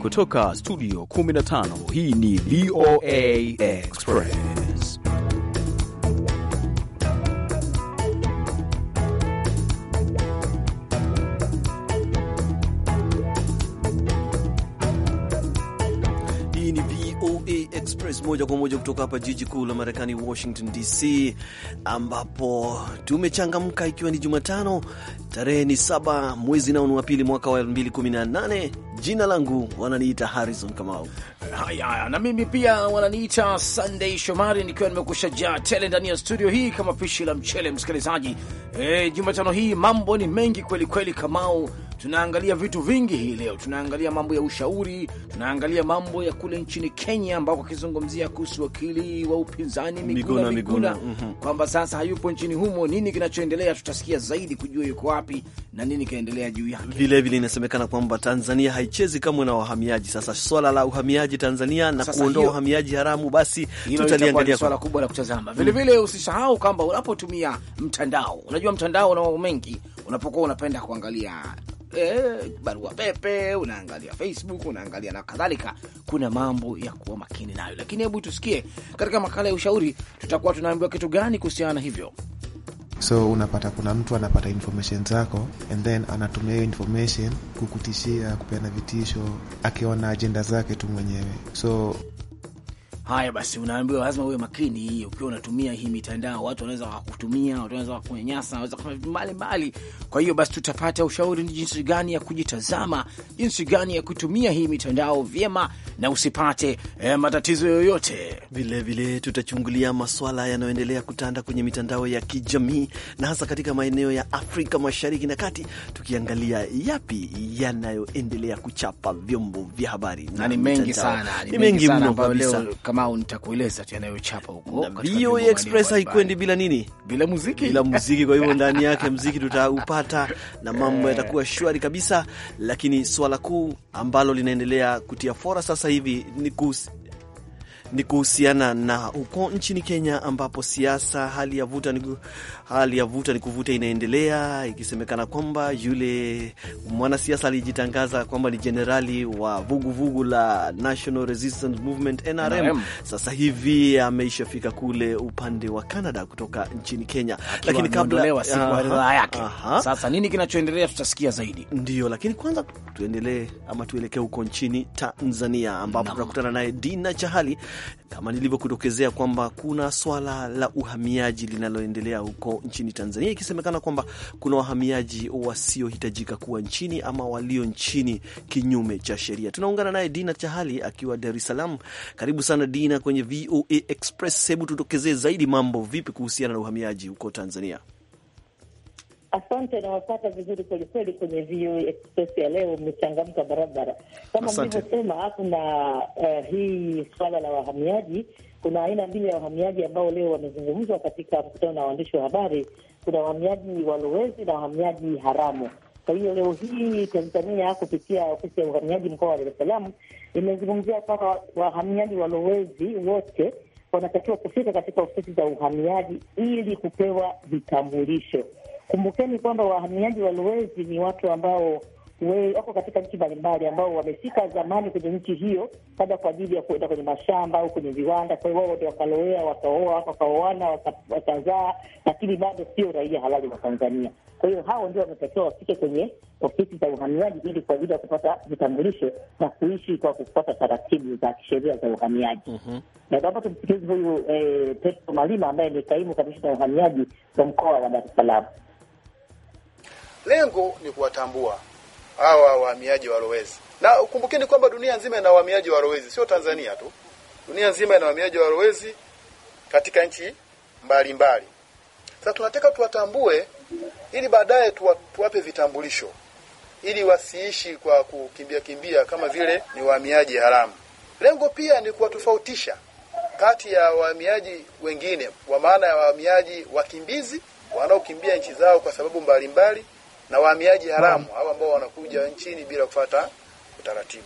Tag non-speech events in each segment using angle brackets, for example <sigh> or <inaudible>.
Kutoka studio 15 hii ni VOA Express. Hii ni VOA Express moja kwa moja kutoka hapa jiji kuu la Marekani, Washington DC, ambapo tumechangamka ikiwa ni Jumatano, tarehe ni saba mwezi nao ni wa pili mwaka wa 2018 Jina langu wananiita Harrison Kamau. Haya, na mimi pia wananiita Sunday Shomari, nikiwa nimekushajaa tele ndani ya studio hii kama pishi la mchele. Msikilizaji, e, Jumatano hii mambo ni mengi kwelikweli, Kamau tunaangalia vitu vingi hii leo. Tunaangalia mambo ya ushauri, tunaangalia mambo ya kule nchini Kenya ambako akizungumzia kuhusu wakili wa upinzani Miguna Miguna mhm. kwamba sasa hayupo nchini humo. Nini kinachoendelea? Tutasikia zaidi kujua yuko wapi na nini kinaendelea juu yake. Vilevile inasemekana kwamba Tanzania haichezi kamwe na wahamiaji. Sasa swala la uhamiaji Tanzania na kuondoa uhamiaji haramu, basi tutaliangalia swala kubwa la kutazama. Vilevile mm. usisahau kwamba unapotumia mtandao, unajua mtandao una mambo mengi, unapokuwa unapenda kuangalia eh, barua pepe, unaangalia Facebook, unaangalia na kadhalika. Kuna mambo ya kuwa makini nayo, lakini hebu tusikie katika makala ya ushauri, tutakuwa tunaambiwa kitu gani kuhusiana na hivyo. So unapata kuna mtu anapata information zako and then anatumia hiyo information kukutishia, kupeana vitisho, akiona ajenda zake tu mwenyewe so Haya basi, unaambiwa lazima uwe makini ukiwa unatumia hii mitandao. Watu wanaweza wakakutumia, watu wanaweza wakunyanyasa, wanaweza kufanya vitu mbalimbali. Kwa hiyo basi, tutapata ushauri ni jinsi gani ya kujitazama, jinsi gani ya kutumia hii mitandao vyema na usipate eh, matatizo yoyote. Vilevile tutachungulia maswala yanayoendelea kutanda kwenye mitandao ya kijamii na hasa katika maeneo ya Afrika Mashariki na Kati, tukiangalia yapi yanayoendelea kuchapa vyombo vya habari. Ni mengi sana, ni mengi mno kabisa. Kamau, nitakueleza tu yanayochapa huko. VOA Express haikwendi bila nini? Bila muziki, bila muziki. Kwa hivyo ndani yake <laughs> muziki tutaupata na mambo eh. yatakuwa shwari kabisa, lakini swala kuu ambalo linaendelea kutia fora sasa hivi ni kuhusu ni kuhusiana na huko nchini Kenya ambapo siasa, hali ya vuta ni, hali ya vuta ni kuvuta inaendelea, ikisemekana kwamba yule mwanasiasa alijitangaza kwamba ni jenerali wa vuguvugu vugu la National Resistance Movement NRM, NRM. Sasa hivi ameishafika kule upande wa Canada kutoka nchini Kenya, lakini kabla yake sasa nini kinachoendelea tutasikia zaidi, ndio. Lakini kwanza tuendelee ama tuelekee huko nchini Tanzania ambapo tunakutana naye Dina Chahali kama nilivyokutokezea kwamba kuna swala la uhamiaji linaloendelea huko nchini Tanzania, ikisemekana kwamba kuna wahamiaji wasiohitajika kuwa nchini ama walio nchini kinyume cha sheria. Tunaungana naye Dina Chahali akiwa Dar es Salaam. Karibu sana Dina kwenye VOA Express. Hebu tutokezee zaidi mambo vipi kuhusiana na uhamiaji huko Tanzania? Asante, nawapata vizuri kwelikweli kwenye VOA Express ya leo, mmechangamka barabara kama mlivyosema. kuna na uh, eh, hii suala la wahamiaji, kuna aina mbili ya wahamiaji ambao leo wamezungumzwa katika mkutano na waandishi wa habari. Kuna wahamiaji walowezi na wahamiaji haramu. Kwa hiyo leo hii Tanzania kupitia ofisi ya uhamiaji mkoa wa Dar es Salaam imezungumzia kwamba wahamiaji walowezi wote wanatakiwa kufika katika ofisi za uhamiaji ili kupewa vitambulisho Kumbukeni kwamba wahamiaji wa ni watu ambao we, wako katika nchi mbalimbali ambao wamefika zamani kwenye nchi hiyo labda kwa ajili ya kuenda kwenye mashamba au kwenye viwanda. Kwa hiyo wao ndio wakaloea, wakaoa, wakaoana, wakazaa, lakini bado sio raia halali wa Tanzania. Kwa hiyo hao ndio wametakiwa wafike kwenye ofisi za uhamiaji ili kwa ajili ya kupata vitambulisho na kuishi kwa kufuata taratibu za kisheria za uhamiaji. Mm-hmm. Na naomba tumsikilize huyu eh, Petro Malima ambaye ni kaimu kamishina uhamiaji wa mkoa wa Dar es Salaam. Lengo ni kuwatambua hawa wahamiaji walowezi, na kumbukeni kwamba dunia nzima ina wahamiaji walowezi, sio Tanzania tu. Dunia nzima ina wahamiaji walowezi katika nchi mbalimbali. Sasa tunataka tuwatambue ili baadaye tuwa, tuwape vitambulisho ili wasiishi kwa kukimbia kimbia kama vile ni wahamiaji haramu. Lengo pia ni kuwatofautisha kati ya wahamiaji wengine, kwa maana ya wahamiaji wakimbizi wanaokimbia nchi zao kwa sababu mbalimbali mbali, na wahamiaji haramu hao ambao wanakuja nchini bila kufata utaratibu.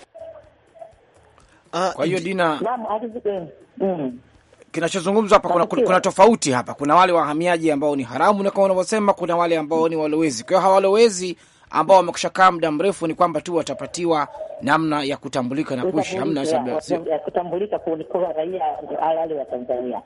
Ah, kwa hiyo Dina, mm, mm. kinachozungumzwa hapa kuna, kuna, kuna tofauti hapa. Kuna wale wahamiaji ambao ni haramu na kama unavyosema, kuna wale ambao ni walowezi. Kwa hiyo hawa walowezi ambao wamekusha kaa muda mrefu ni kwamba tu watapatiwa namna ya kutambulika na kuishi, hamna sababu ya kutambulika kuwa raia halali wa Tanzania.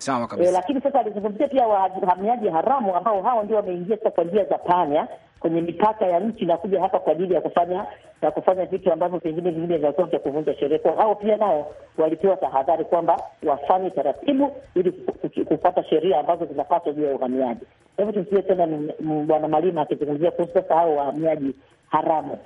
Sawa kabisa. E, lakini sasa alizungumzia pia wahamiaji haramu ambao hao ndio wameingia sasa kwa njia za panya kwenye mipaka ya nchi na kuja hapa kwa ajili ya kufanya ya kufanya vitu ambavyo pengine vingine vinakuwa vya kuvunja sheria. Kwa hao pia nao walipewa tahadhari kwamba wafanye taratibu ili kupata sheria ambazo zinapaswa juu ya uhamiaji. Hebu hivyo tusikie tena Bwana Malima akizungumzia kuhusu sasa hao wahamiaji haramu.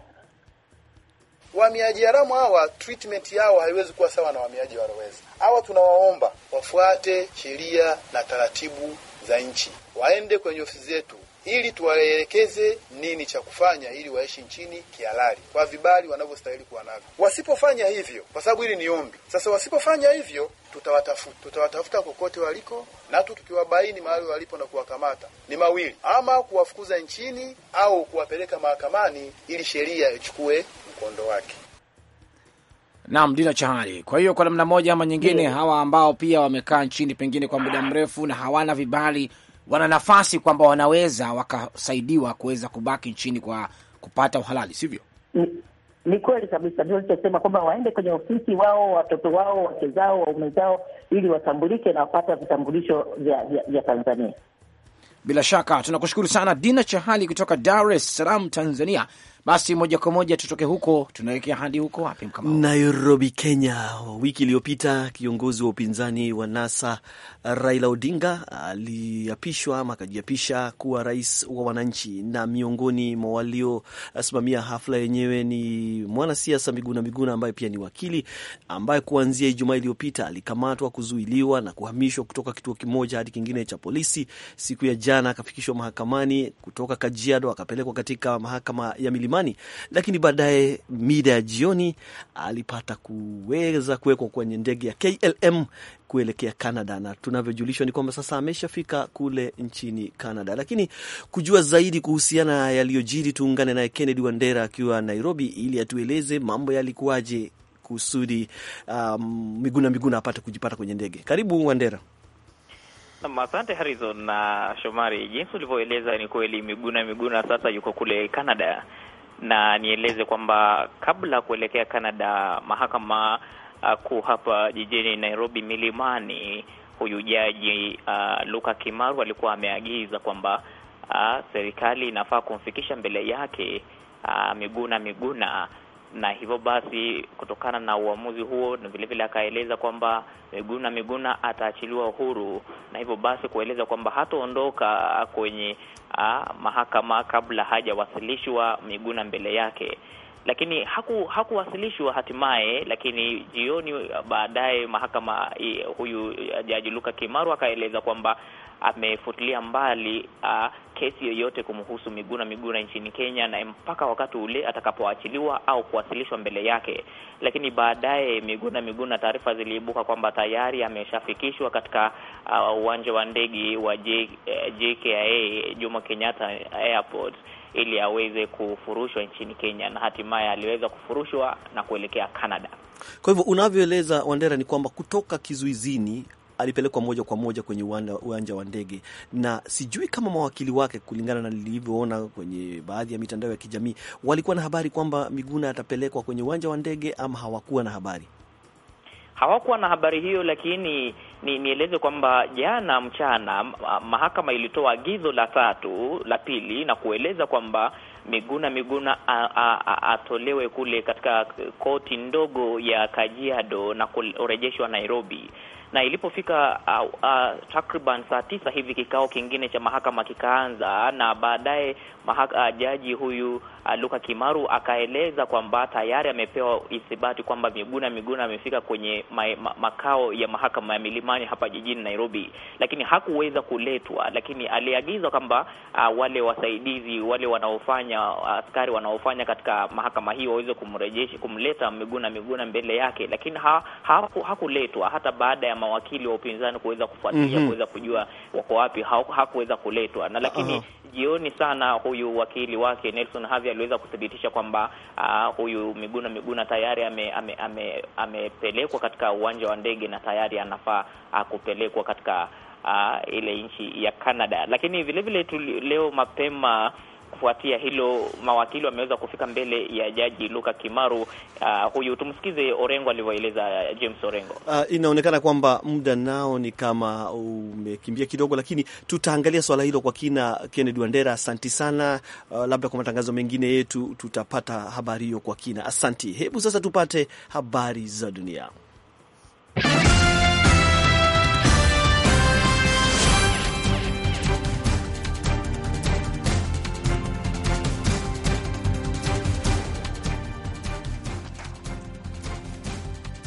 Wahamiaji haramu hawa treatment yao haiwezi kuwa sawa na wa Rowezi. Hawa tunawaomba wafuate sheria na taratibu za nchi, waende kwenye ofisi zetu ili tuwaelekeze nini cha kufanya ili waishi nchini kihalali kwa vibali wanavyostahili kuwa navyo. Wasipofanya hivyo, kwa sababu hili ni ombi sasa, wasipofanya hivyo tutawatafuta, tutawatafuta kokote waliko, na tu tukiwabaini mahali walipo na kuwakamata, ni mawili, ama kuwafukuza nchini au kuwapeleka mahakamani ili sheria ichukue mkondo wake. Naam, Dina Chahari. Kwa hiyo kwa namna moja ama nyingine, yeah, hawa ambao pia wamekaa nchini pengine kwa muda mrefu na hawana vibali, wana nafasi kwamba wanaweza wakasaidiwa kuweza kubaki nchini kwa kupata uhalali, sivyo? Ni kweli kabisa, ndio alichosema kwamba waende kwenye ofisi wao, watoto wao, wake zao, waume zao, ili watambulike na wapata vitambulisho vya Tanzania. Bila shaka tunakushukuru sana Dina Chahali kutoka Dar es Salaam, Tanzania. Basi moja kwa moja tutoke huko, tunaelekea hadi huko wapi, Nairobi, Kenya. Wiki iliyopita kiongozi wa upinzani wa NASA Raila Odinga aliapishwa ama akajiapisha kuwa rais wa wananchi, na miongoni mwa waliosimamia hafla yenyewe ni mwanasiasa Miguna Miguna ambaye pia ni wakili, ambaye kuanzia Ijumaa iliyopita alikamatwa, kuzuiliwa na kuhamishwa kutoka kituo kimoja hadi kingine cha polisi. Siku ya jana akafikishwa mahakamani kutoka Kajiado akapelekwa katika mahakama ya milima mahakamani, lakini baadaye mida ya jioni alipata kuweza kuwekwa kwenye ndege ya KLM kuelekea Canada, na tunavyojulishwa ni kwamba sasa ameshafika kule nchini Canada. Lakini kujua zaidi kuhusiana na yaliyojiri, tuungane naye Kennedy Wandera akiwa Nairobi ili atueleze mambo yalikuwaje kusudi um, Miguna Miguna apate kujipata kwenye ndege. Karibu Wandera. Asante Harizon na Shomari, jinsi ulivyoeleza ni kweli, Miguna Miguna sasa yuko kule Canada na nieleze kwamba kabla kuelekea Canada, mahakama uh, kuu hapa jijini Nairobi Milimani, huyu jaji uh, Luka Kimaru alikuwa ameagiza kwamba uh, serikali inafaa kumfikisha mbele yake uh, Miguna Miguna na hivyo basi, kutokana na uamuzi huo, na vile akaeleza kwamba Miguna Miguna ataachiliwa huru, na hivyo basi kueleza kwamba hataondoka kwenye a, mahakama kabla hajawasilishwa Miguna mbele yake lakini haku hakuwasilishwa hatimaye. Lakini jioni baadaye mahakama huyu Jaji Luka Kimaru akaeleza kwamba amefutilia mbali uh, kesi yoyote kumhusu Miguna Miguna nchini Kenya na mpaka wakati ule atakapoachiliwa au kuwasilishwa mbele yake. Lakini baadaye Miguna Miguna, taarifa ziliibuka kwamba tayari ameshafikishwa katika ah, uwanja wa ndege wa JKIA eh, Jomo Kenyatta Airport ili aweze kufurushwa nchini Kenya na hatimaye aliweza kufurushwa na kuelekea Canada. Kwa hivyo unavyoeleza Wandera, ni kwamba kutoka kizuizini alipelekwa moja kwa moja kwenye uwanja wa ndege, na sijui kama mawakili wake, kulingana na nilivyoona kwenye baadhi ya mitandao ya kijamii, walikuwa na habari kwamba Miguna atapelekwa kwenye uwanja wa ndege, ama hawakuwa na habari? Hawakuwa na habari hiyo, lakini ni nieleze kwamba jana mchana mahakama ilitoa agizo la tatu la pili na kueleza kwamba Miguna Miguna atolewe kule katika koti ndogo ya Kajiado na kurejeshwa Nairobi na ilipofika uh, uh, takriban saa tisa hivi kikao kingine cha mahakama kikaanza, na baadaye uh, jaji huyu uh, Luka Kimaru akaeleza kwamba tayari amepewa ithibati kwamba Miguna Miguna amefika kwenye ma, ma, makao ya mahakama ya Milimani hapa jijini Nairobi, lakini hakuweza kuletwa, lakini aliagizwa kwamba uh, wale wasaidizi wale wanaofanya askari wanaofanya katika mahakama hii waweze kumrejesha kumleta Miguna Miguna mbele yake, lakini ha, hakuletwa hata baada ya mawakili wa upinzani kuweza kufuatilia mm -hmm. kuweza kujua wako wapi, hakuweza kuletwa na lakini uh -huh. Jioni sana huyu wakili wake Nelson Havi aliweza kuthibitisha kwamba uh, huyu Miguna Miguna tayari amepelekwa ame, ame, ame katika uwanja wa ndege na tayari anafaa uh, kupelekwa katika uh, ile nchi ya Canada, lakini vile vile tu leo mapema Kufuatia hilo, mawakili wameweza kufika mbele ya jaji Luka Kimaru. Uh, huyu tumsikize Orengo alivyoeleza James Orengo. Uh, inaonekana kwamba muda nao ni kama umekimbia kidogo, lakini tutaangalia swala hilo kwa kina. Kennedy Wandera, asanti sana. Uh, labda kwa matangazo mengine yetu tutapata habari hiyo kwa kina. Asanti. Hebu sasa tupate habari za dunia.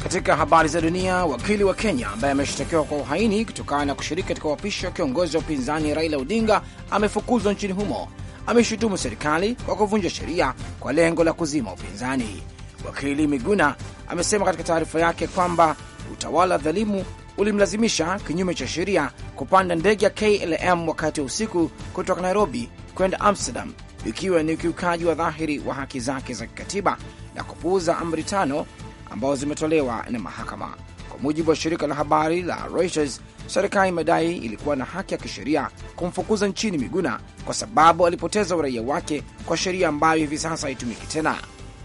Katika habari za dunia, wakili wa Kenya ambaye ameshtakiwa kwa uhaini kutokana na kushiriki katika uapishi wa kiongozi wa upinzani Raila Odinga amefukuzwa nchini humo. Ameshutumu serikali kwa kuvunja sheria kwa lengo la kuzima upinzani. Wakili Miguna amesema katika taarifa yake kwamba utawala dhalimu ulimlazimisha kinyume cha sheria kupanda ndege ya KLM wakati wa usiku kutoka Nairobi kwenda Amsterdam, ikiwa ni ukiukaji wa dhahiri wa haki zake za kikatiba na kupuuza amri tano ambazo zimetolewa na mahakama. Kwa mujibu wa shirika la habari la Reuters, serikali imedai ilikuwa na haki ya kisheria kumfukuza nchini Miguna kwa sababu alipoteza uraia wake kwa sheria ambayo hivi sasa haitumiki tena.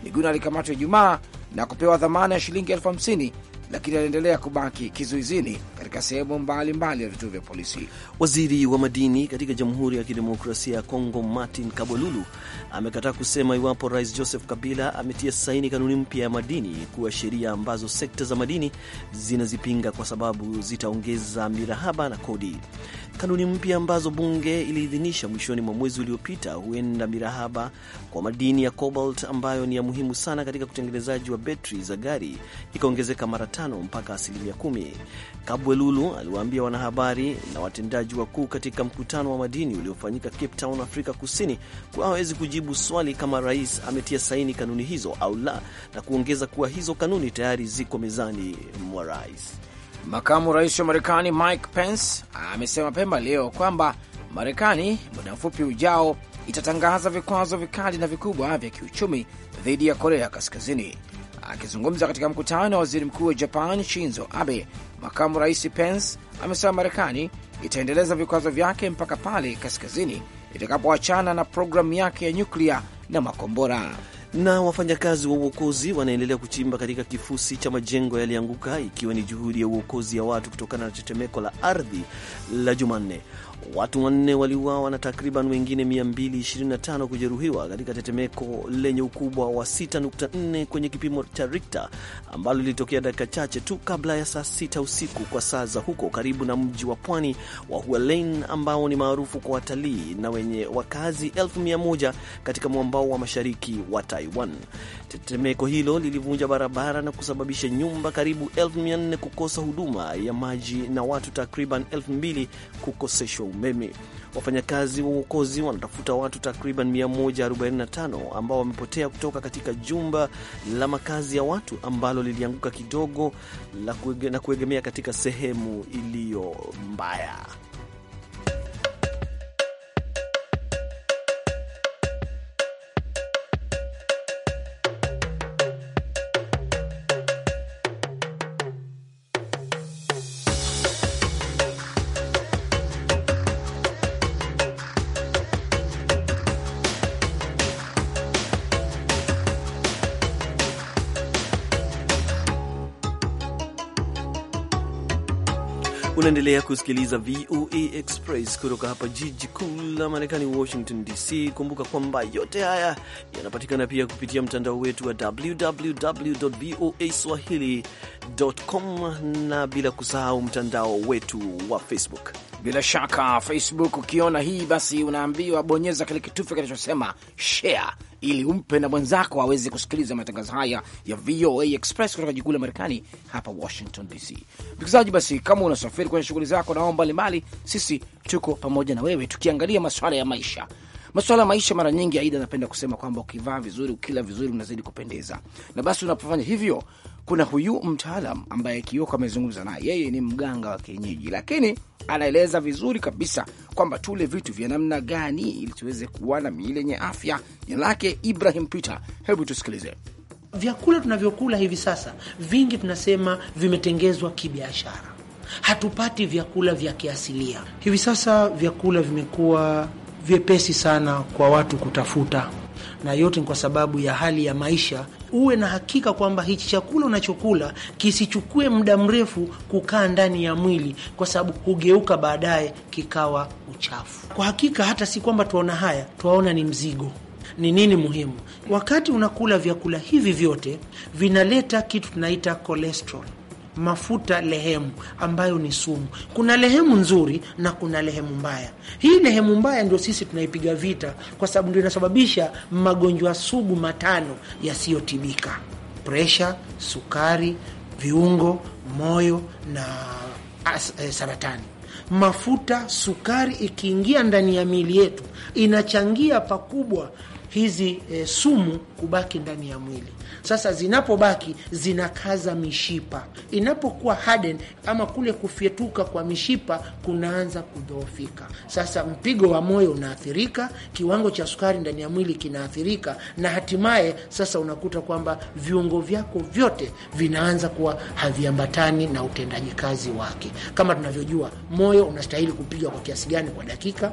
Miguna alikamatwa Ijumaa na kupewa dhamana ya shilingi elfu hamsini lakini anaendelea kubaki kizuizini katika sehemu mbalimbali ya vituo vya polisi. Waziri wa madini katika Jamhuri ya Kidemokrasia ya Kongo Martin Kabolulu amekataa kusema iwapo Rais Joseph Kabila ametia saini kanuni mpya ya madini kuwa sheria ambazo sekta za madini zinazipinga kwa sababu zitaongeza mirahaba na kodi. Kanuni mpya ambazo bunge iliidhinisha mwishoni mwa mwezi uliopita huenda mirahaba kwa madini ya cobalt ambayo ni ya muhimu sana katika utengenezaji wa betri za gari ikaongezeka mara tano mpaka asilimia 10. Kabwe Lulu aliwaambia wanahabari na watendaji wakuu katika mkutano wa madini uliofanyika Cape Town, Afrika Kusini, kuwa hawezi kujibu swali kama rais ametia saini kanuni hizo au la, na kuongeza kuwa hizo kanuni tayari ziko mezani mwa rais. Makamu rais wa Marekani Mike Pence amesema mapema leo kwamba Marekani muda mfupi ujao itatangaza vikwazo vikali na vikubwa vya kiuchumi dhidi ya Korea Kaskazini Akizungumza katika mkutano wa waziri mkuu wa Japan Shinzo Abe, makamu rais Pence amesema Marekani itaendeleza vikwazo vyake mpaka pale kaskazini itakapoachana na programu yake ya nyuklia na makombora. Na wafanyakazi wa uokozi wanaendelea kuchimba katika kifusi cha majengo yalianguka, ikiwa ni juhudi ya uokozi ya watu kutokana na tetemeko la ardhi la Jumanne. Watu wanne waliuawa na takriban wengine 225 kujeruhiwa katika tetemeko lenye ukubwa wa 6.4 kwenye kipimo cha Richter ambalo lilitokea dakika chache tu kabla ya saa 6 usiku kwa saa za huko, karibu na mji wa pwani wa Hualien ambao ni maarufu kwa watalii na wenye wakazi elfu mia moja katika mwambao wa mashariki wa Taiwan. Tetemeko hilo lilivunja barabara na kusababisha nyumba karibu elfu mia nne kukosa huduma ya maji na watu takriban elfu mbili kukoseshwa umeme. Wafanyakazi wa uokozi wanatafuta watu takriban 145 ambao wamepotea kutoka katika jumba la makazi ya watu ambalo lilianguka kidogo na kuegemea katika sehemu iliyo mbaya. Unaendelea kusikiliza VOA Express kutoka hapa jiji kuu la Marekani, Washington DC. Kumbuka kwamba yote haya yanapatikana pia kupitia mtandao wetu wa www voa swahili com, na bila kusahau mtandao wetu wa Facebook. Bila shaka Facebook ukiona hii basi, unaambiwa bonyeza kile kitufe kinachosema share ili umpe na mwenzako aweze kusikiliza matangazo haya ya VOA Express kutoka jikuu la Marekani hapa Washington DC. Msikilizaji, basi kama unasafiri kwenye shughuli zako na mambo mbalimbali, sisi tuko pamoja na wewe tukiangalia masuala ya maisha Masuala ya maisha, mara nyingi Aida anapenda kusema kwamba ukivaa vizuri, ukila vizuri, unazidi kupendeza, na basi unapofanya hivyo, kuna huyu mtaalam ambaye Kioko amezungumza naye, yeye ni mganga wa kienyeji, lakini anaeleza vizuri kabisa kwamba tule vitu vya namna gani ili tuweze kuwa na miili yenye afya. Jina lake Ibrahim Peter, hebu tusikilize. Vyakula tunavyokula hivi sasa vingi tunasema vimetengezwa kibiashara, hatupati vyakula vya kiasilia. Hivi sasa vyakula vimekuwa vyepesi sana kwa watu kutafuta, na yote ni kwa sababu ya hali ya maisha. Uwe na hakika kwamba hichi chakula unachokula kisichukue muda mrefu kukaa ndani ya mwili, kwa sababu hugeuka baadaye kikawa uchafu. Kwa hakika, hata si kwamba tuwaona haya, twaona ni mzigo. Ni nini muhimu? Wakati unakula vyakula hivi, vyote vinaleta kitu tunaita cholesterol mafuta lehemu ambayo ni sumu. Kuna lehemu nzuri na kuna lehemu mbaya. Hii lehemu mbaya ndio sisi tunaipiga vita, kwa sababu ndio inasababisha magonjwa sugu matano yasiyotibika: presha, sukari, viungo, moyo na as, eh, saratani. Mafuta, sukari ikiingia ndani ya miili yetu inachangia pakubwa hizi eh, sumu kubaki ndani ya mwili. Sasa zinapobaki zinakaza mishipa, inapokuwa harden ama kule kufyetuka kwa mishipa kunaanza kudhoofika. Sasa mpigo wa moyo unaathirika, kiwango cha sukari ndani ya mwili kinaathirika, na hatimaye sasa unakuta kwamba viungo vyako vyote vinaanza kuwa haviambatani na utendaji kazi wake. Kama tunavyojua moyo unastahili kupiga kwa kiasi gani kwa dakika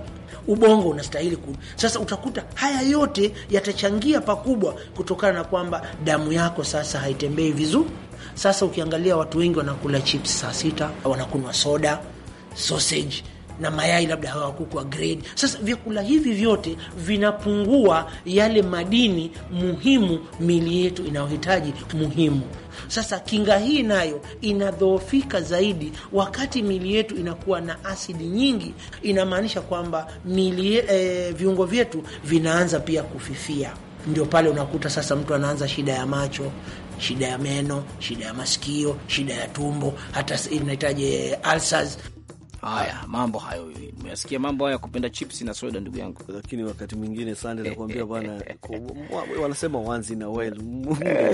ubongo unastahili ku. Sasa utakuta haya yote yatachangia pakubwa, kutokana na kwamba damu yako sasa haitembei vizuri. Sasa ukiangalia watu wengi wanakula chips saa sita, wanakunywa soda, sausage na mayai labda wa grade. Sasa vyakula hivi vyote vinapungua yale madini muhimu mili yetu inayohitaji muhimu. Sasa kinga hii nayo inadhoofika zaidi wakati mili yetu inakuwa na asidi nyingi, inamaanisha kwamba e, viungo vyetu vinaanza pia kufifia. Ndio pale unakuta sasa mtu anaanza shida ya macho, shida ya meno, shida ya masikio, shida ya tumbo, hata inahitaji eh, ulcers. Haya mambo hayo, nimeyasikia mambo haya ya kupenda chips na soda, ndugu yangu. Lakini wakati mwingine sande, nakuambia bwana, <laughs> wanasema wanzi na wel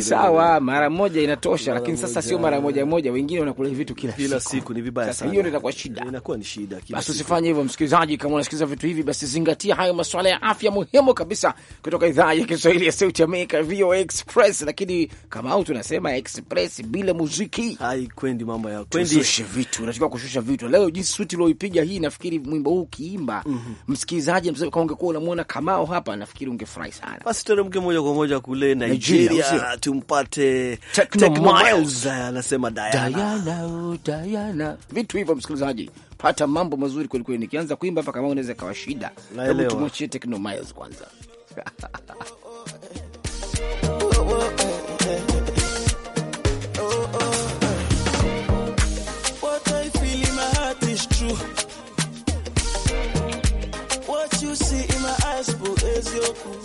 sawa, mara moja inatosha, lakini sasa sio mara moja moja, wengine wanakula vitu kila kila siku, ni vibaya sana. Hiyo ndio shida, eh, inakuwa ni shida. Basi usifanye hivyo, msikilizaji. Kama unasikiliza vitu hivi, basi zingatia hayo masuala ya afya muhimu kabisa, kutoka idhaa ya Kiswahili ya Sauti ya Amerika, VOA Express. Lakini kama au tunasema express bila muziki haikwendi, mambo ya kwendi, kushusha vitu, unachukua kushusha vitu leo jinsi suti ulioipiga hii, nafikiri mwimbo huu ukiimba, mm -hmm. msikilizaji kama ungekuwa unamwona Kamao hapa, nafikiri ungefurahi sana. Basi tuteremke moja kwa moja kule Nigeria, Nigeria tumpate anasema Diana, oh, Diana, Vitu hivyo msikilizaji, pata mambo mazuri kwelikweli. Nikianza kuimba hapa, Kamao unaweza kawa shida. Hebu tumwachie Techno Miles kwanza <laughs> Eu.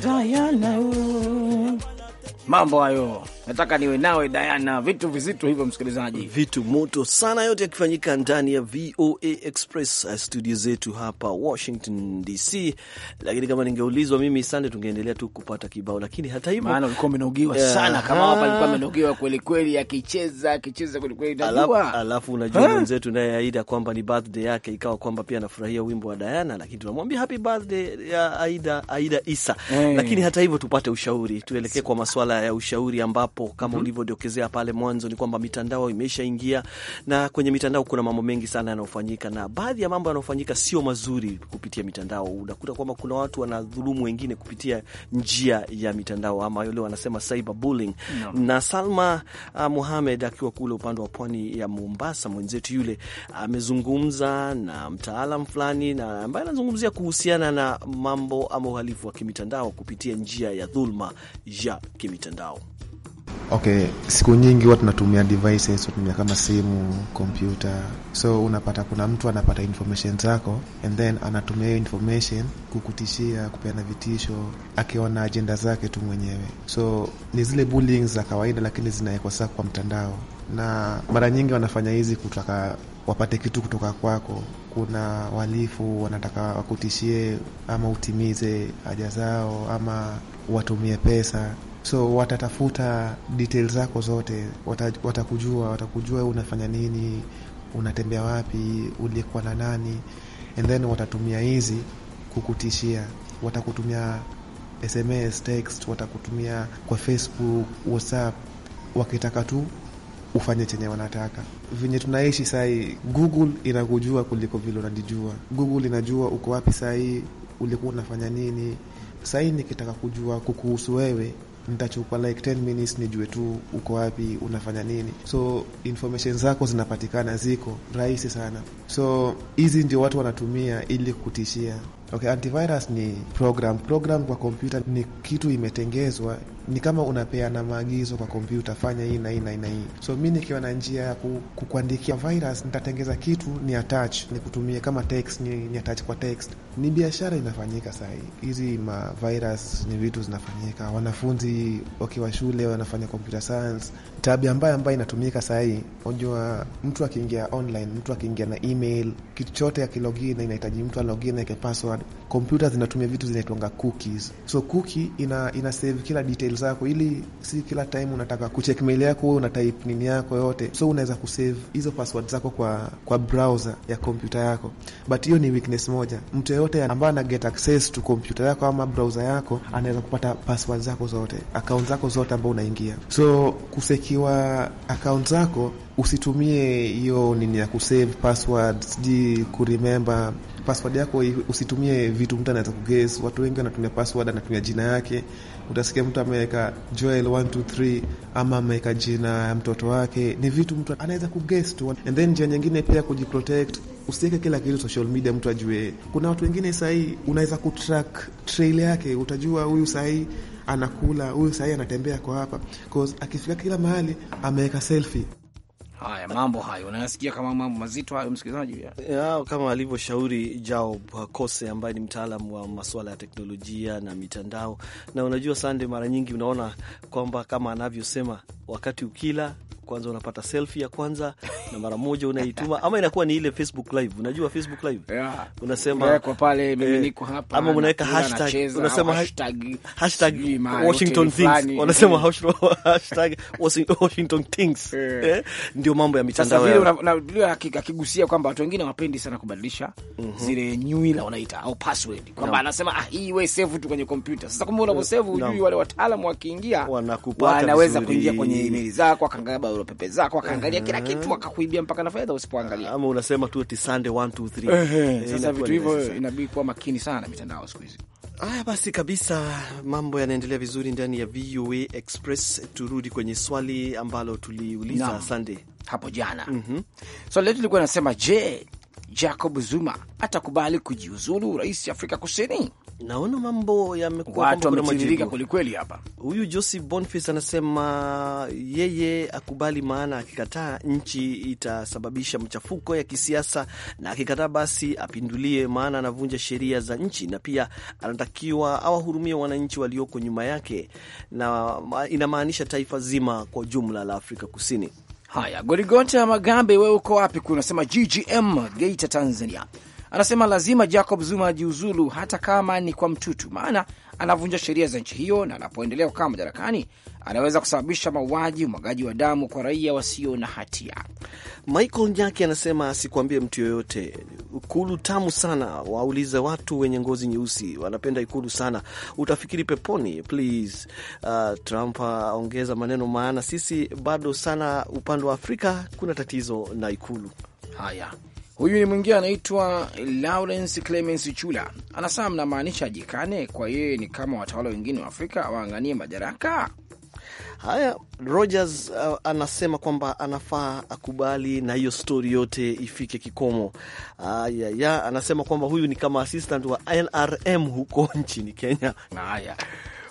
Diana. Mambo hayo nataka niwe nawe Diana, vitu vizito hivyo, msikilizaji, vitu moto sana, yote yakifanyika ndani ya VOA Express eh, studio zetu hapa Washington DC. Lakini kama ningeulizwa mimi, Sande, tungeendelea tu kupata kibao, lakini hata hivyo, maana ulikuwa umenogiwa eh, sana, kama hapa alikuwa ah. amenogiwa kweli kweli, akicheza akicheza kweli kweli. alafu unajua eh? mwenzetu naye Aida kwamba ni birthday yake, ikawa kwamba pia anafurahia wimbo wa Diana, lakini tunamwambia happy birthday ya Aida, Aida Isa. Lakini hata hivyo, tupate ushauri, tuelekee kwa masuala ya ushauri ambapo hapo kama mm -hmm. ulivyodokezea pale mwanzo, ni kwamba mitandao imeshaingia, na kwenye mitandao kuna mambo mengi sana yanayofanyika, na baadhi ya mambo yanayofanyika sio mazuri kupitia mitandao. Unakuta kwamba kuna watu wanadhulumu wengine kupitia njia ya mitandao, ama yule wanasema mm -hmm. na Salma uh, Mohamed akiwa kule upande wa pwani ya Mombasa, mwenzetu yule amezungumza uh, na mtaalam fulani na ambaye anazungumzia kuhusiana na mambo ama uhalifu wa kimitandao kupitia njia ya dhuluma ya kimitandao. Okay, siku nyingi huwa tunatumia devices, tunatumia kama simu, kompyuta, so unapata kuna mtu anapata information zako and then anatumia hiyo information kukutishia, kupeana vitisho, akiwa na ajenda zake tu mwenyewe. So ni zile bullying za kawaida, lakini zinawekwa sasa kwa mtandao, na mara nyingi wanafanya hizi kutaka wapate kitu kutoka kwako. Kuna walifu wanataka wakutishie, ama utimize haja zao, ama watumie pesa so watatafuta details zako zote, watakujua, watakujua unafanya nini, unatembea wapi, ulikuwa na nani, and then watatumia hizi kukutishia, watakutumia SMS, text, watakutumia kwa Facebook, WhatsApp wakitaka tu ufanye chenye wanataka. Venye tunaishi sahii, Google inakujua kuliko vile unajijua. Google inajua uko wapi sahii, ulikuwa unafanya nini sahii. Nikitaka kujua kukuhusu wewe, nitachukua like 10 minutes nijue tu uko wapi, unafanya nini. So information zako zinapatikana, ziko rahisi sana. So hizi ndio watu wanatumia ili kutishia. Okay, antivirus ni program. Program kwa kompyuta ni kitu imetengezwa ni kama unapeana maagizo kwa kompyuta, fanya hii na hii na hii na hii. So mi nikiwa na njia ya kukuandikia virus, nitatengeza kitu ni attach, ni kutumia kama text, ni, ni attach kwa text. Ni biashara inafanyika sahii, hizi ma virus ni vitu zinafanyika. Wanafunzi wakiwa shule wanafanya computer science, tabia mbaya ambayo inatumika sahii. Unajua, mtu akiingia online, mtu akiingia na email, kitu chote ya kilogin inahitaji mtu alogin ake password. Kompyuta zinatumia vitu zinaitwanga cookies. So cookie ina, ina save kila details zako, ili si kila time unataka kucheck mail yako wewe una type nini yako yote, so unaweza kusave hizo password zako kwa kwa browser ya kompyuta yako. But hiyo ni weakness moja. Mtu yeyote ambaye ana get access to kompyuta yako ama browser yako anaweza kupata password zako zote, account zako zote ambao unaingia. So kusekiwa account zako usitumie hiyo nini ya kusave password, sijui kuremember password yako, usitumie vitu mtu anaweza kuguess. Watu wengi wanatumia password, anatumia jina yake Utasikia mtu ameweka Joel 123 ama ameweka jina ya mtoto wake. Ni vitu mtu anaweza kuguess tu, and then njia nyingine pia kujiprotect Usiweke kila kitu social media, mtu ajue. Kuna watu wengine sahii unaweza kutrack trail yake, utajua huyu sahii anakula, huyu sahii anatembea kwa hapa, cause akifika kila mahali ameweka selfie. Haya mambo hayo unayasikia kama mambo mazito hayo, msikilizaji, kama alivyoshauri Job Kose ambaye ni mtaalam wa masuala ya teknolojia na mitandao. Na unajua Sande, mara nyingi unaona kwamba kama anavyosema, wakati ukila kwanza unapata selfie ya kwanza na mara moja unaituma, ama inakuwa ni ile Facebook live. Unajua Facebook live yeah, unasema pale eh, mimi niko hapa, ama unaweka hashtag unasema hashtag hashtag eh. <laughs> Washington things, wanasema hashtag Washington things yeah. Eh, ndio mambo ya mitandao sasa vile unajua, akigusia kwamba watu wengine wapendi sana kubadilisha mm -hmm. zile nywila wanaita au password kwamba no. anasema ah, hii wewe save tu kwenye kompyuta. Sasa kumbe unaposave no. wale wataalamu wakiingia wanakupa wanaweza kuingia kwenye email zako akangaba taulo pepe zako, akaangalia kila kitu, akakuibia mpaka na fedha usipoangalia. Ama unasema tu ati sande 1 2 3. Sasa vitu hivyo inabidi kuwa makini sana mitandao siku hizi. Haya basi kabisa, mambo yanaendelea vizuri ndani ya VOA Express. Turudi kwenye swali ambalo tuliuliza Sunday hapo jana. mm -hmm. Swali so, letu lilikuwa nasema, je, Jacob Zuma atakubali kujiuzulu rais Afrika Kusini? Naona mambo yamekuwa watu kwelikweli hapa. Huyu Joseph Bonfils anasema yeye akubali, maana akikataa nchi itasababisha mchafuko ya kisiasa, na akikataa basi apindulie, maana anavunja sheria za nchi, na pia anatakiwa awahurumie wananchi walioko nyuma yake, na inamaanisha taifa zima kwa jumla la Afrika Kusini. Haya, Goligota Magambe, wewe uko wapi? Kuna unasema GGM Geita, Tanzania, anasema lazima Jacob Zuma ajiuzulu hata kama ni kwa mtutu, maana anavunja sheria za nchi hiyo, na anapoendelea kukaa madarakani anaweza kusababisha mauaji, umwagaji wa damu kwa raia wasio na hatia. Michael Nyaki anasema asikuambie mtu yoyote. Ikulu tamu sana, waulize watu wenye ngozi nyeusi, wanapenda ikulu sana, utafikiri peponi. Please. Uh, Trump aongeza maneno, maana sisi bado sana upande wa Afrika kuna tatizo na ikulu. Haya. Huyu ni mwingine anaitwa Lawrence Clemens Chula, anasema mnamaanisha ajikane kwa yeye ni kama watawala wengine wa Afrika waanganie madaraka. Haya, Rogers uh, anasema kwamba anafaa akubali na hiyo stori yote ifike kikomo. Uh, ya, ya, anasema kwamba huyu ni kama assistant wa NRM huko <laughs> nchini Kenya. Haya,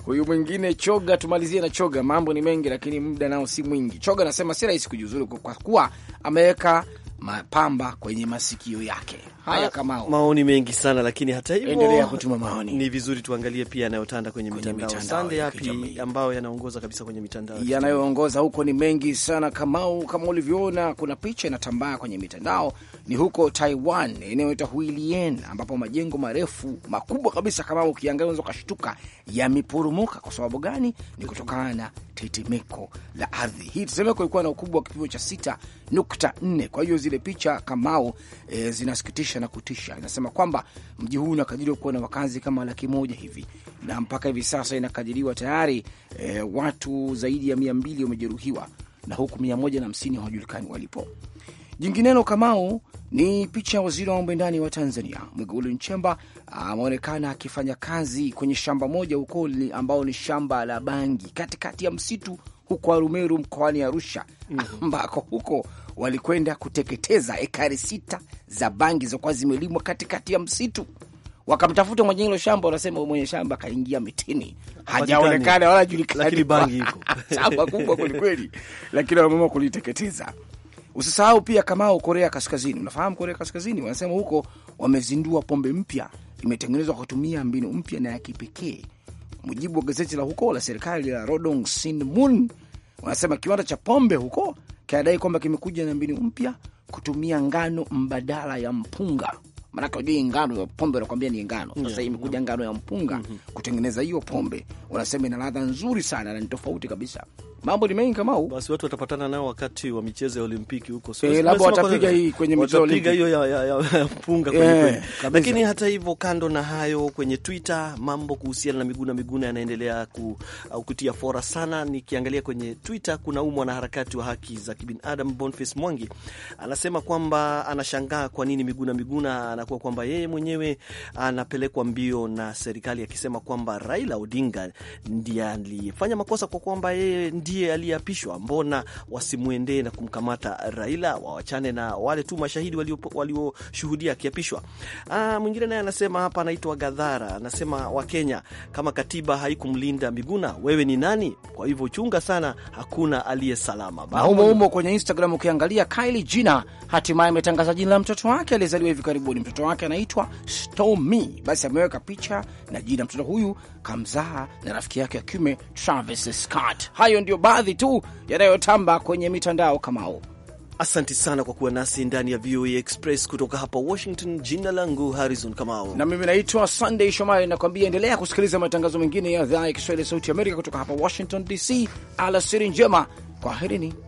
huyu mwingine Choga, tumalizie na Choga. Mambo ni mengi, lakini muda nao si mwingi. Choga anasema si rahisi kujiuzuru kwa kuwa ameweka mapamba kwenye masikio yake. Haya, ah, kama maoni mengi sana, lakini hata hivyo endelea kutuma maoni. Ni vizuri tuangalie pia yanayotanda kwenye, kwenye mitandao. Sande yapi ambayo yanaongoza kabisa kwenye mitandao? Yanayoongoza huko ni mengi sana, Kamau. Kama ulivyoona, kuna picha inatambaa kwenye mitandao, ni huko Taiwan, eneo la Huilien, ambapo majengo marefu makubwa kabisa, kama ukiangalia unaweza kashtuka yamepurumuka. Kwa sababu gani? Ni kutokana na tetemeko la ardhi. Hii tetemeko ilikuwa na ukubwa wa kipimo cha 6.4 kwa hiyo zile Kikwete, picha Kamau e, eh, zinasikitisha na kutisha. Inasema kwamba mji huu unakadiriwa kuwa na wakazi kama laki moja hivi na mpaka hivi sasa inakadiriwa tayari e, watu zaidi ya mia mbili wamejeruhiwa na huku mia moja na hamsini hawajulikani walipo. Jingineno Kamau ni picha ya waziri wa mambo ndani wa Tanzania Mwigulu Nchemba ameonekana akifanya kazi kwenye shamba moja huko ambao ni shamba la bangi katikati ya msitu huko Arumeru mkoani Arusha mhm. ambako mm -hmm. huko walikwenda kuteketeza ekari sita za bangi zilizokuwa zimelimwa katikati ya msitu wakamtafuta mwenye hilo shamba, wanasema mwenye shamba akaingia mitini, hajaonekana wala julikani, <laughs> shamba kubwa kwelikweli, lakini wameamua kuliteketeza. Usisahau pia Kamao, Korea Kaskazini. Unafahamu Korea Kaskazini, wanasema huko wamezindua pombe mpya, imetengenezwa kwa kutumia mbinu mpya na ya kipekee mujibu wa gazeti la huko la serikali la Rodong Sinmun, wanasema kiwanda cha pombe huko kinadai kwamba kimekuja na mbinu mpya kutumia ngano mbadala ya mpunga. Maanake unajua ngano ya pombe nakwambia ni ngano sasa, yeah, imekuja ngano ya mpunga mm -hmm, kutengeneza hiyo pombe. Wanasema ina ladha nzuri sana na ni tofauti kabisa mambo ni mengi huu. Basi watu watapatana nao wakati wa michezo ya Olimpiki huko, e, labda watapiga hii kwenye michezo watapiga hiyo ya, ya, ya, ya punga kweli eh, Lakini hata hivyo, kando na hayo, kwenye Twitter mambo kuhusiana na Miguna Miguna yanaendelea ku, au kutia fora sana. Nikiangalia kwenye Twitter kuna huyu mwanaharakati wa haki za kibinadamu Boniface Mwangi anasema kwamba anashangaa kwa nini Miguna Miguna anakuwa kwamba yeye mwenyewe anapelekwa mbio na serikali, akisema kwamba Raila Odinga ndiye aliyefanya makosa kwa kwamba yeye ndiye aliyeapishwa, mbona wasimwendee na kumkamata Raila? Wawachane na wale tu mashahidi walioshuhudia akiapishwa. Ah, mwingine naye anasema hapa, anaitwa Gadhara, anasema Wakenya, kama katiba haikumlinda Miguna, wewe ni nani? Kwa hivyo chunga sana, hakuna aliye salama. Na umo kwenye Instagram ukiangalia, Kylie Jenner hatimaye ametangaza jina la mtoto wake aliyezaliwa hivi karibuni. Mtoto wake anaitwa Stormy. Basi ameweka picha na jina mtoto huyu kamzaa na rafiki yake ya kiume Travis Scott. Hayo ndio ndiyo baadhi tu yanayotamba kwenye mitandao kamao. Asante sana kwa kuwa nasi ndani ya VOA e Express kutoka hapa Washington. Jina langu Harrison Kamau, na mimi naitwa Sunday Shomari, nakuambia endelea kusikiliza matangazo mengine ya idhaa ya Kiswahili ya Sauti Amerika kutoka hapa Washington DC. Alasiri njema, kwaherini.